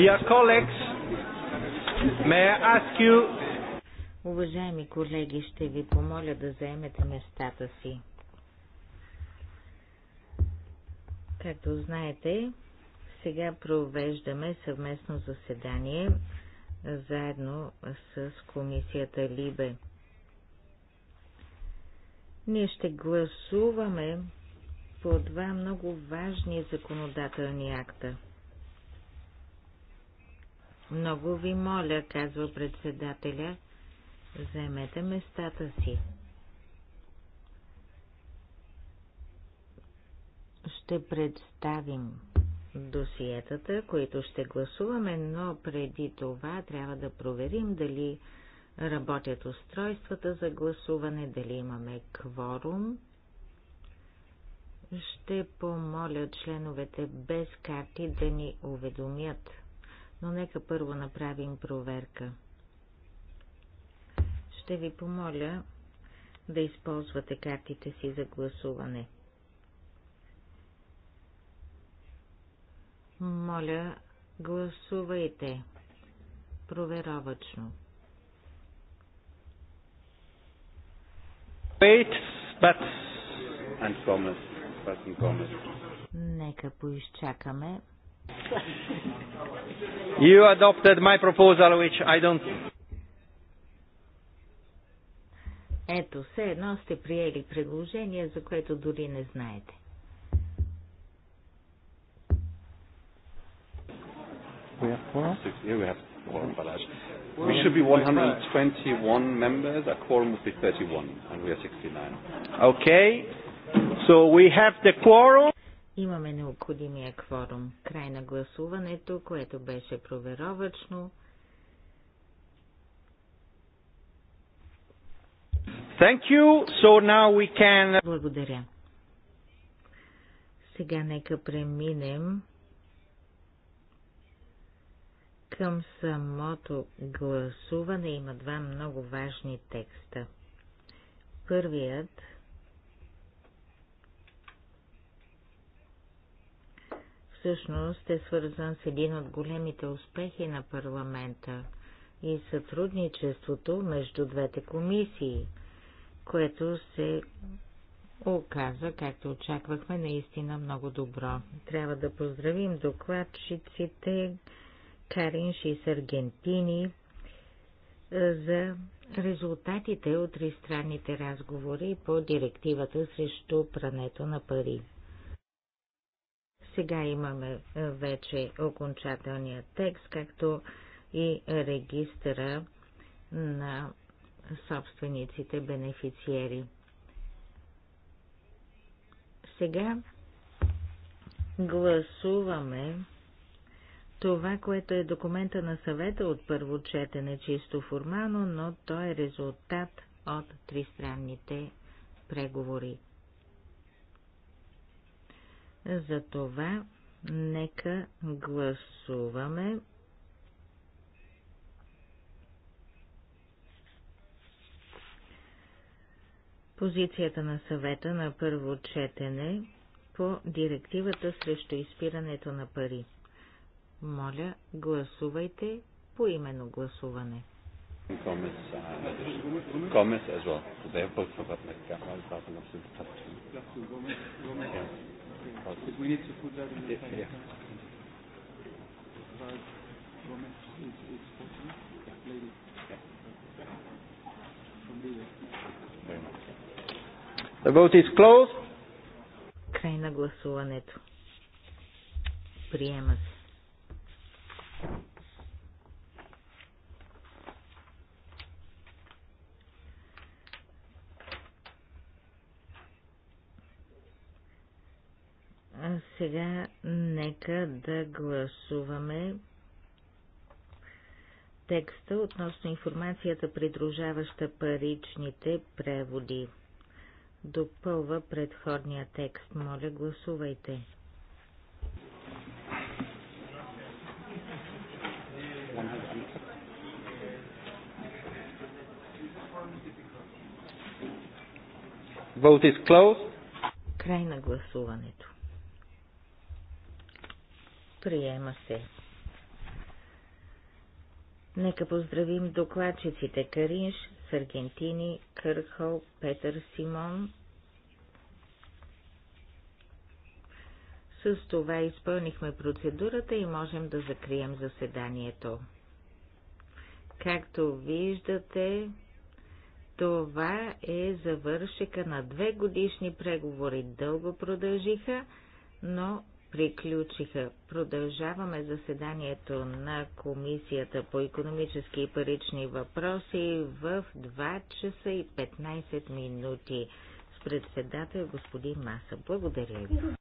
Dear colleagues, may I ask you... Уважаеми колеги, ще ви помоля да заемете местата си. Както знаете, сега провеждаме съвместно заседание заедно с комисията Либе. Ние ще гласуваме по два много важни законодателни акта – много ви моля, казва председателя, вземете местата си. Ще представим досиетата, които ще гласуваме, но преди това трябва да проверим дали работят устройствата за гласуване, дали имаме кворум. Ще помоля членовете без карти да ни уведомят но нека първо направим проверка. Ще ви помоля да използвате картите си за гласуване. Моля, гласувайте проверовачно. Wait, but... And поизчакаме. You adopted my proposal, which I don't... Ето, все едно сте приели предложение, за което дори не знаете. We should be 121 members. A quorum would be 31, and we are 69. Okay. So we have the quorum. Имаме необходимия кворум. Край на гласуването, което беше проверовачно. Thank you. So now we can... Благодаря. Сега нека преминем към самото гласуване. Има два много важни текста. Първият всъщност е свързан с един от големите успехи на парламента и сътрудничеството между двете комисии, което се оказа, както очаквахме, наистина много добро. Трябва да поздравим докладчиците Каринш и Саргентини е, за резултатите от тристранните разговори по директивата срещу прането на пари. Сега имаме е, вече окончателния текст, както и регистъра на собствениците бенефициери. Сега гласуваме това, което е документа на съвета от първо четене, чисто формално, но то е резултат от тристранните преговори. Затова нека гласуваме позицията на съвета на първо четене по директивата срещу изпирането на пари. Моля, гласувайте по именно гласуване. Gomez Gomez we need to put that in the yeah. But it's is, yeah. From Libya. The vote is closed. Край на гласуването. Приема се. Сега нека да гласуваме текста относно информацията, придружаваща паричните преводи. Допълва предходния текст. Моля, гласувайте. Vote is closed. Край на гласуването. Приема се. Нека поздравим докладчиците Каринш, Саргентини, Кърхъл, Петър Симон. С това изпълнихме процедурата и можем да закрием заседанието. Както виждате, това е завършека на две годишни преговори. Дълго продължиха, но приключиха. Продължаваме заседанието на Комисията по економически и парични въпроси в 2 часа и 15 минути с председател господин Маса. Благодаря ви.